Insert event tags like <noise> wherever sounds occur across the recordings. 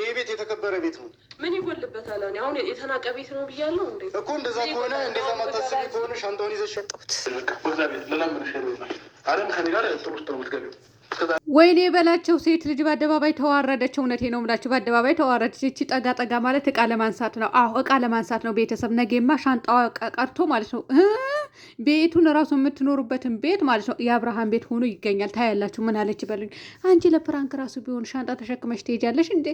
ይህ ቤት የተከበረ ቤት ነው። ምን ይጎልበታል? አሁን የተናቀ ቤት ነው ብያለሁ እኮ። እንደዛ ከሆነ እንደዛ ማታሰቢ ከሆነ ሻንጣውን ይዘሽ ሸጡት። ወይኔ የበላቸው ሴት ልጅ በአደባባይ ተዋረደች። እውነቴ ነው የምላችሁ፣ በአደባባይ ተዋረደች። ይቺ ጠጋ ጠጋ ማለት እቃ ለማንሳት ነው። አዎ እቃ ለማንሳት ነው። ቤተሰብ ነገማ ሻንጣዋ ቀርቶ ማለት ነው ቤቱን ራሱ የምትኖሩበትን ቤት ማለት ነው የአብርሃም ቤት ሆኖ ይገኛል። ታያላችሁ። ምን አለች በሉኝ። አንቺ ለፕራንክ ራሱ ቢሆን ሻንጣ ተሸክመሽ ትሄጃለሽ እንዴ?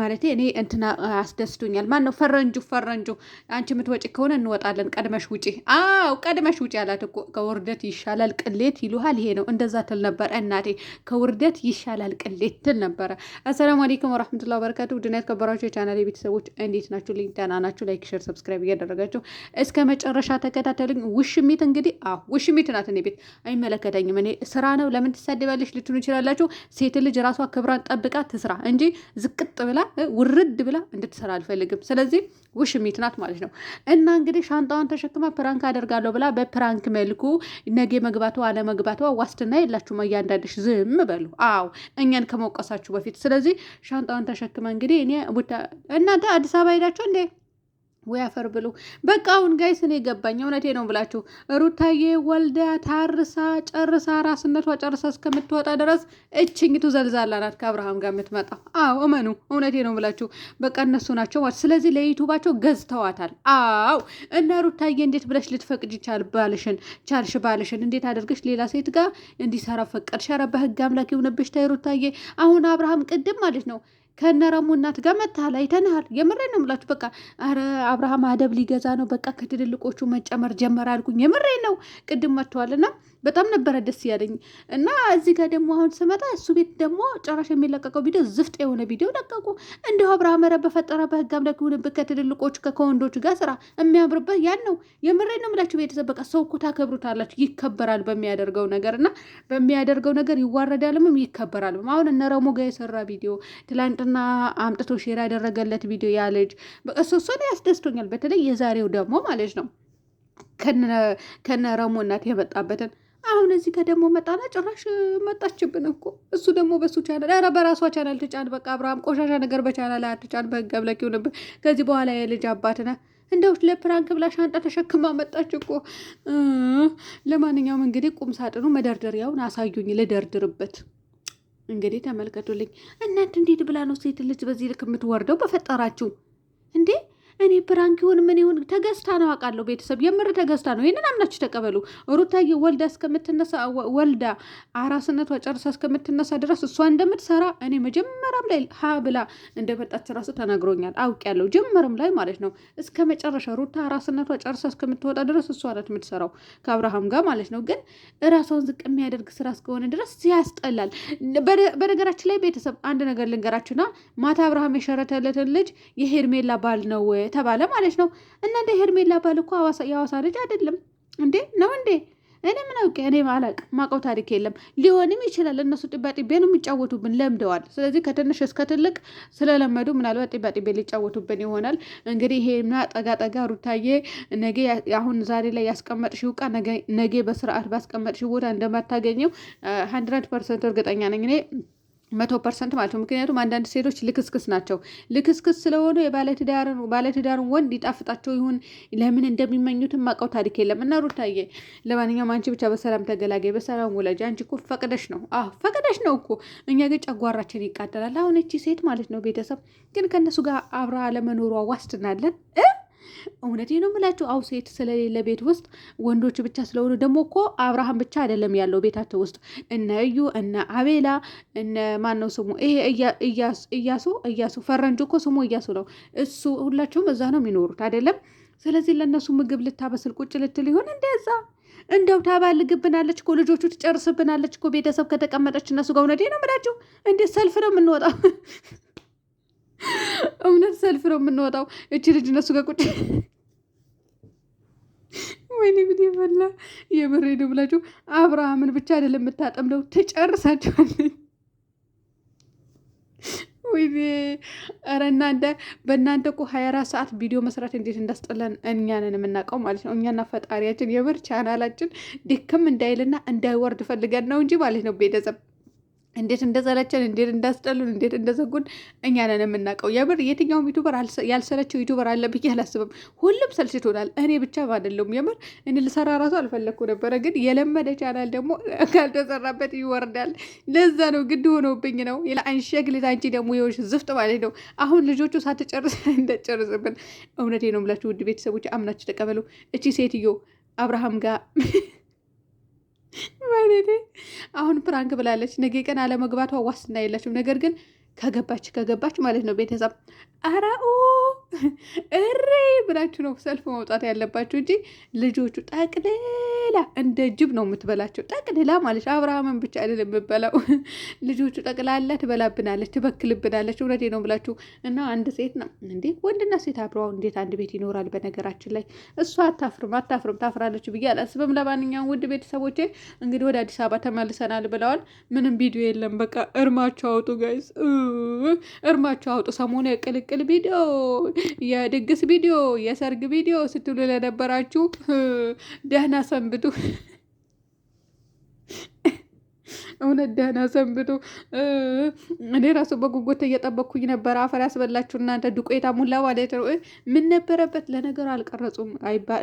ማለት እኔ እንትና አስደስቶኛል። ማን ነው ፈረንጁ? ፈረንጁ አንቺ የምትወጪ ከሆነ እንወጣለን። ቀድመሽ ውጪ። አዎ ቀድመሽ ውጪ አላት እኮ። ከውርደት ይሻላል ቅሌት ይሉሃል። ይሄ ነው እንደዛ ትል ነበር እናቴ ከውርደ መውደድ ይሻላል ቅሌት ትል ነበረ። አሰላሙ አሌይኩም ወረሕመቱላ በረካቱ ውድና የተከበራችሁ የቻናል ቤተሰቦች እንዴት ናችሁ? ልኝ ደህና ናችሁ? ላይክ፣ ሸር፣ ሰብስክራይብ እያደረጋችሁ እስከ መጨረሻ ተከታተሉኝ። ውሽሚት እንግዲህ አዎ ውሽሚት ናት። እኔ ቤት አይመለከተኝም፣ እኔ ስራ ነው። ለምን ትሳደባለች ልትሉ ይችላላችሁ። ሴት ልጅ ራሷ ክብራን ጠብቃ ትስራ እንጂ ዝቅጥ ብላ ውርድ ብላ እንድትሰራ አልፈልግም። ስለዚህ ውሽሚት ናት ማለት ነው። እና እንግዲህ ሻንጣዋን ተሸክማ ፕራንክ አደርጋለሁ ብላ በፕራንክ መልኩ ነገ መግባቷ አለመግባቷ ዋስትና የላችሁም። እያንዳንድሽ ዝም በሉ። ይወዳሉ። አዎ እኛን ከመውቀሳችሁ በፊት። ስለዚህ ሻንጣዋን ተሸክመ እንግዲህ እኔ እናንተ አዲስ አበባ ሄዳችሁ እንዴ ወይ አፈር ብሎ በቃ አሁን ጋይስ እኔ ገባኝ። እውነቴ ነው ብላችሁ ሩታዬ ወልዳ ታርሳ ጨርሳ ራስነቷ ጨርሳ እስከምትወጣ ድረስ እችኝቱ ዘልዛላ ናት ከአብርሃም ጋር የምትመጣ። አዎ እመኑ፣ እውነቴ ነው ብላችሁ በቃ እነሱ ናቸው። ስለዚህ ለዩቱባቸው ገዝተዋታል። አዎ እና ሩታዬ እንዴት ብለሽ ልትፈቅጅ ይቻል ባልሽን ቻልሽ ባልሽን እንዴት አድርገሽ ሌላ ሴት ጋር እንዲሰራ ፈቀድሽ? ኧረ በህግ አምላክ ይሁንብሽ። ተይ ሩታዬ። አሁን አብርሃም ቅድም ማለት ነው ከነረሙ እናት ጋር መታሃል፣ አይተንሃል። የምሬ ነው ምላችሁ በቃ አረ አብርሃም አደብ ሊገዛ ነው። በቃ ከትልልቆቹ መጨመር ጀመረ አልኩኝ። የምሬ ነው። ቅድም መጥተዋልና በጣም ነበረ ደስ ያለኝ እና እዚህ ጋር ደግሞ አሁን ስመጣ እሱ ቤት ደግሞ ጨራሽ የሚለቀቀው ቪዲዮ ዝፍጥ የሆነ ቪዲዮ ለቀቁ። እንዲሁ አብርሃም ኧረ በፈጠረ በህጋም ደግሁንበት ከትልልቆቹ ከወንዶቹ ጋር ስራ የሚያምርበት ያን ነው። የምሬ ነው የምላችሁ ቤተሰብ በቃ ሰው እኮ ታከብሩታላችሁ። ይከበራል በሚያደርገው ነገር እና በሚያደርገው ነገር ይዋረዳልምም ይከበራል። አሁን እነ ረሞ ጋር የሰራ ቪዲዮ ትላንትና አምጥቶ ሼር ያደረገለት ቪዲዮ ያ ልጅ በቃ እሱ ያስደስቶኛል። በተለይ የዛሬው ደግሞ ማለት ነው ከነ ረሞ እናት የመጣበትን አሁን እዚህ ጋር ደግሞ መጣና ጭራሽ መጣችብን እኮ። እሱ ደግሞ በሱ ቻናል፣ ኧረ በራሷ ቻናል ትጫን። በቃ አብርሃም ቆሻሻ ነገር በቻናል አትጫን። በህግ አምላክ ይሁንብህ። ከዚህ በኋላ የልጅ አባት ነህ። እንደው ለፕራንክ ብላ ሻንጣ ተሸክማ መጣች እኮ። ለማንኛውም እንግዲህ ቁም ሳጥኑ መደርደሪያውን አሳዩኝ ልደርድርበት። እንግዲህ ተመልከቱልኝ እናንተ። እንዴት ብላ ነው ሴት ልጅ በዚህ ልክ የምትወርደው? በፈጠራችሁ እንዴ! እኔ ፕራንክ ይሁን ምን ይሁን ተገዝታ ነው አውቃለሁ። ቤተሰብ የምር ተገዝታ ነው። ይህንን አምናችሁ ተቀበሉ። ሩታዬ ወልዳ እስከምትነሳ ወልዳ አራስነቷ ጨርሳ እስከምትነሳ ድረስ እሷ እንደምትሰራ እኔ መጀመሪያም ላይ ሀ ብላ እንደመጣች ራሱ ተናግሮኛል። አውቄያለሁ። ጀመርም ላይ ማለት ነው እስከ መጨረሻ ሩታ አራስነቷ ጨርሳ እስከምትወጣ ድረስ እሷ ናት የምትሰራው ከአብርሃም ጋር ማለት ነው። ግን ራሷን ዝቅ የሚያደርግ ስራ እስከሆነ ድረስ ያስጠላል። በነገራችን ላይ ቤተሰብ አንድ ነገር ልንገራችሁና ማታ አብርሃም የሸረተለትን ልጅ የሄርሜላ ባል ነው ተባለ ማለት ነው። እና እንደ ሄርሜላ ባል እኮ የአዋሳ ልጅ አይደለም እንዴ? ነው እንዴ? እኔ ምን አውቄ? እኔ ማላቅ ማቀው ታሪክ የለም። ሊሆንም ይችላል። እነሱ ጢባጢቤ ነው የሚጫወቱብን፣ ለምደዋል። ስለዚህ ከትንሽ እስከ ትልቅ ስለለመዱ ምናልባት ጢባጢቤ ሊጫወቱብን ይሆናል። እንግዲህ ይሄና ጠጋ ጠጋ ሩታዬ፣ ነገ አሁን ዛሬ ላይ ያስቀመጥሽው ዕቃ ነገ በስርዓት ባስቀመጥሽው ቦታ እንደማታገኘው ሀንድረድ ፐርሰንት እርግጠኛ ነኝ እኔ መቶ ፐርሰንት ማለት ነው። ምክንያቱም አንዳንድ ሴቶች ልክስክስ ናቸው። ልክስክስ ስለሆኑ የባለትዳርን ወንድ ይጣፍጣቸው ይሁን ለምን እንደሚመኙትም ማቀው ታሪክ የለም። እና ሩታዬ ለማንኛውም አንቺ ብቻ በሰላም ተገላገይ፣ በሰላም ውለጅ። አንቺ እኮ ፈቅደሽ ነው፣ አዎ ፈቅደሽ ነው እኮ። እኛ ግን ጨጓራችን ይቃጠላል። አሁን እቺ ሴት ማለት ነው ቤተሰብ ግን ከእነሱ ጋር አብራ ለመኖሯ ዋስትናለን እውነቴ ነው የምላችሁ። አው ሴት ስለሌለ ቤት ውስጥ ወንዶች ብቻ ስለሆኑ ደግሞ እኮ አብርሃም ብቻ አይደለም ያለው ቤታቸው ውስጥ እነ እዩ እነ አቤላ እነ ማን ነው ስሙ ይሄ እያሱ እያሱ ፈረንጅ እኮ ስሙ እያሱ ነው። እሱ ሁላቸውም እዛ ነው የሚኖሩት አይደለም። ስለዚህ ለእነሱ ምግብ ልታበስል ቁጭ ልትል ይሆን እንደዛ እንደው ታባልግብናለች እኮ ልጆቹ ትጨርስብናለች እኮ ቤተሰብ ከተቀመጠች እነሱ ጋር እውነቴ ነው የምላችሁ። እንዴት ሰልፍ ነው የምንወጣው? እውነት ሰልፍ ነው የምንወጣው። እች ልጅ እነሱ ጋር ቁጭ ወይኔ ጉድ የበላ የምሬ ነው ብላችሁ አብርሃምን ብቻ አይደለም የምታጠምደው ትጨርሳችኋለኝ። ወይኔ ኧረ እናንተ በእናንተ እኮ ሀያ አራት ሰዓት ቪዲዮ መስራት እንዴት እንዳስጠላን እኛንን የምናውቀው ማለት ነው። እኛና ፈጣሪያችን የምር ቻናላችን ድክም እንዳይልና እንዳይወርድ ፈልገን ነው እንጂ ማለት ነው ቤተሰብ እንዴት እንደዘለቸን እንዴት እንዳስጠሉን እንዴት እንደዘጉን እኛ ነን የምናውቀው። የምር የትኛውም ዩቱበር ያልሰለቸው ዩቱበር አለ ብዬ አላስብም። ሁሉም ሰልችቶናል። እኔ ብቻ አይደለሁም። የምር እኔ ልሰራ ራሱ አልፈለግኩ ነበረ፣ ግን የለመደ ቻናል ደግሞ <laughs> ካልተሰራበት ይወርዳል። ለዛ ነው ግድ ሆኖብኝ ነው። አንሸግልት አንቺ ደግሞ የሆንሽ ዝፍጥ ማለት ነው። አሁን ልጆቹ ሳትጨርስ <laughs> እንደጨርስብን እውነቴ ነው የምላችሁ ውድ ቤተሰቦች፣ አምናችሁ ተቀበሉ። እቺ ሴትዮ አብርሃም ጋር <laughs> ወይኔ አሁን ፕራንክ ብላለች። ነገ ቀን አለመግባቷ ዋስትና የላችሁም። ነገር ግን ከገባች ከገባች ማለት ነው ቤተሰብ አራኦ እሬ ብላችሁ ነው ሰልፍ መውጣት ያለባችሁ እንጂ ልጆቹ ጠቅልል ጠቅልላ እንደ ጅብ ነው የምትበላቸው። ጠቅልላ ማለች አብርሃምን ብቻ አይደለም የምበላው፣ <laughs> ልጆቹ ጠቅላላ ትበላብናለች፣ ትበክልብናለች። እውነቴ ነው ብላችሁ እና አንድ ሴት ነው እንዴ ወንድና ሴት አብረው እንዴት አንድ ቤት ይኖራል? በነገራችን ላይ እሷ አታፍርም፣ አታፍርም፣ ታፍራለች ብዬ አላስብም። ለማንኛውም ውድ ቤተሰቦቼ እንግዲህ ወደ አዲስ አበባ ተመልሰናል ብለዋል። ምንም ቪዲዮ የለም። በቃ እርማቸው አውጡ ጋይስ፣ እርማቸው አውጡ። ሰሞኑ የቅልቅል ቪዲዮ፣ የድግስ ቪዲዮ፣ የሰርግ ቪዲዮ ስትሉ ለነበራችሁ ደህና ሰንብ ሰንብቱ። እውነት ደህና ሰንብቱ። እኔ ራሱ በጉጉት እየጠበቅኩኝ ነበር። አፈር ያስበላችሁ እናንተ ዱቄታ ሙላ ማለት ነው። ምን ነበረበት ለነገሩ አልቀረጹም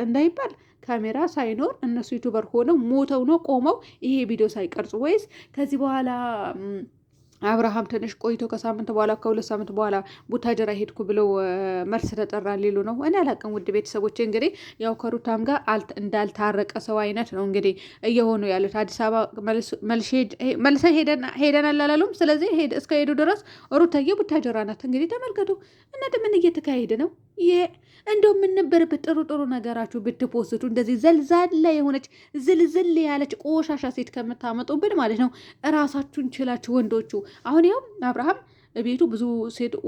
እንዳይባል ካሜራ ሳይኖር እነሱ ዩቱበር ሆነው ሞተው ነው ቆመው ይሄ ቪዲዮ ሳይቀርጹ ወይስ ከዚህ በኋላ አብርሃም ትንሽ ቆይቶ ከሳምንት በኋላ ከሁለት ሳምንት በኋላ ቡታጀራ ሄድኩ ብለው መልስ ተጠራ ሊሉ ነው። እኔ አላቅም። ውድ ቤተሰቦች እንግዲህ ያው ከሩታም ጋር እንዳልታረቀ ሰው አይነት ነው እንግዲህ እየሆኑ ያሉት። አዲስ አበባ መልሰ ሄደናል አላሉም። ስለዚህ እስከ ሄዱ ድረስ ሩታዬ ቡታጀራ ናት። እንግዲህ ተመልከቱ እናንተ ምን እየተካሄደ ነው? ይሄ እንደው የምንበርበት ጥሩ ጥሩ ነገራችሁ ብትፖስቱ እንደዚህ ዘልዛላ የሆነች ዝልዝል ያለች ቆሻሻ ሴት ከምታመጡብን ማለት ነው እራሳችሁን ችላችሁ ወንዶቹ። አሁን ያው አብርሃም ቤቱ ብዙ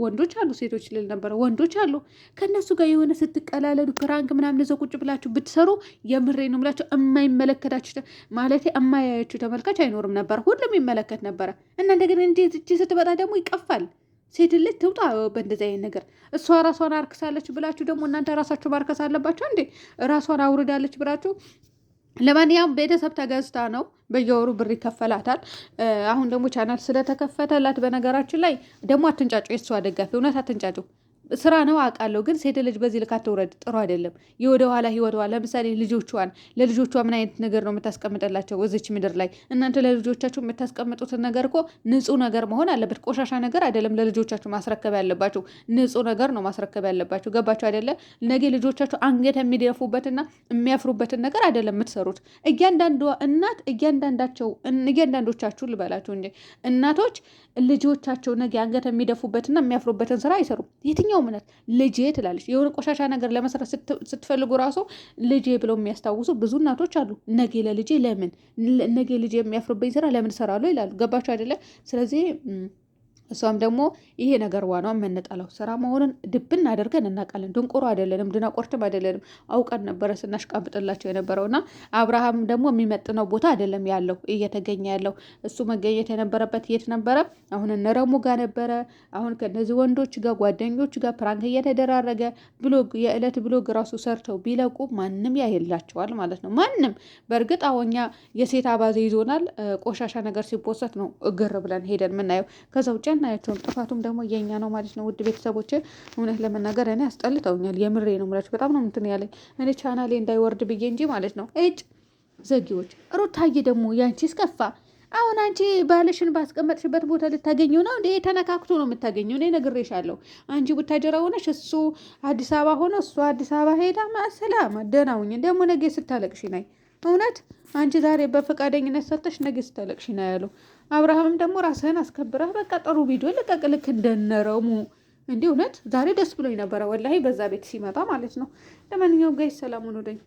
ወንዶች አሉ፣ ሴቶች ልል ነበረ፣ ወንዶች አሉ። ከእነሱ ጋር የሆነ ስትቀላለዱ ፕራንክ ምናምን እዛው ቁጭ ብላችሁ ብትሰሩ የምሬ ነው ብላችሁ የማይመለከታችሁ ማለት የማያያችሁ ተመልካች አይኖርም ነበር፣ ሁሉም ይመለከት ነበረ። እና እንደገና እንዴት እቺ ስትበጣ ደግሞ ይቀፋል። ሴት ልጅ ትውጣ በእንደዚህ አይነት ነገር። እሷ ራሷን አርክሳለች ብላችሁ ደግሞ እናንተ ራሳችሁ ማርከስ አለባችሁ እንዴ? ራሷን አውርዳለች ብላችሁ ለማንኛውም ቤተሰብ ተገዝታ ነው፣ በየወሩ ብር ይከፈላታል። አሁን ደግሞ ቻናል ስለተከፈተላት በነገራችን ላይ ደግሞ አትንጫጩ፣ የእሷ ደጋፊ እውነት አትንጫጩ። ስራ ነው አውቃለሁ፣ ግን ሴት ልጅ በዚህ ልክ አትውረድ፣ ጥሩ አይደለም። የወደኋላ ህይወቷ ለምሳሌ ልጆቿን ለልጆቿ ምን አይነት ነገር ነው የምታስቀምጥላቸው እዚች ምድር ላይ? እናንተ ለልጆቻችሁ የምታስቀምጡትን ነገር እኮ ንጹህ ነገር መሆን አለበት። ቆሻሻ ነገር አይደለም ለልጆቻችሁ ማስረከብ ያለባችሁ፣ ንጹህ ነገር ነው ማስረከብ ያለባችሁ። ገባችሁ አይደለ? ነገ ልጆቻችሁ አንገት የሚደፉበትና የሚያፍሩበትን ነገር አይደለም የምትሰሩት። እያንዳንዷ እናት እያንዳንዳቸው እያንዳንዶቻችሁ ልበላችሁ እንጂ እናቶች ልጆቻቸው ነገ አንገት የሚደፉበትና የሚያፍሩበትን ስራ አይሰሩም። የትኛው በየትኛውም እምነት ልጄ ትላለች። የሆነ ቆሻሻ ነገር ለመስራት ስትፈልጉ ራሱ ልጄ ብለው የሚያስታውሱ ብዙ እናቶች አሉ። ነጌ ለልጄ ለምን ነጌ ልጄ የሚያፍርብኝ ስራ ለምን ሰራለሁ ይላሉ። ገባቸው አይደለም? ስለዚህ እሷም ደግሞ ይሄ ነገር ዋኗ የምንጠላው ስራ መሆኑን ድብን አድርገን እናውቃለን። ድንቁሮ አይደለንም፣ ድናቆርትም አይደለንም። አውቀን ነበረ ስናሽቃብጥላቸው እና አብርሃም ደግሞ የሚመጥነው ቦታ አይደለም ያለው እየተገኘ ያለው እሱ መገኘት የነበረበት የት ነበረ? አሁን እነረሙ ጋር ነበረ። አሁን ከነዚህ ወንዶች ጋር ጓደኞች ጋር ፕራንክ እየተደራረገ ብሎግ የዕለት ብሎግ ራሱ ሰርተው ቢለቁ ማንም ያይላቸዋል ማለት ነው። ማንም በእርግጥ አሁኛ የሴት አባዜ ይዞናል። ቆሻሻ ነገር ሲፖሰት ነው እግር ብለን ሄደን የምናየው ከዛ ውጭ አናያቸውም። ጥፋቱም ደግሞ የኛ ነው ማለት ነው። ውድ ቤተሰቦቼ እውነት ለመናገር እኔ አስጠልተውኛል። የምሬ ነው ምላቸው። በጣም ነው እንትን ያለኝ እኔ ቻናሌ እንዳይወርድ ብዬ እንጂ ማለት ነው። እጭ ዘጊዎች ሩታዬ ደግሞ ያንቺ ስከፋ አሁን አንቺ ባልሽን ባስቀመጥሽበት ቦታ ልታገኘው ነው እንዴ? ተነካክቶ ነው የምታገኘው። እኔ ነግሬሻለሁ። አንቺ ቡታጀራ ሆነሽ እሱ አዲስ አበባ ሆነ እሱ አዲስ አበባ ሄዳ ማሰላማ ደህና ሁኚ። ደግሞ ነገ ስታለቅሽ ናይ እውነት አንቺ ዛሬ በፈቃደኝነት ሰጥተሽ ነገ ስታለቅሽ ነው ያለው። አብርሃምም ደግሞ ራስህን አስከብረህ በቃ ጥሩ ቪዲዮ ልቀቅ፣ ልክ እንደነረሙ እንዲህ። እውነት ዛሬ ደስ ብሎኝ ነበረ ወላሂ፣ በዛ ቤት ሲመጣ ማለት ነው። ለማንኛውም ጋይ ሰላሙን ወደኝ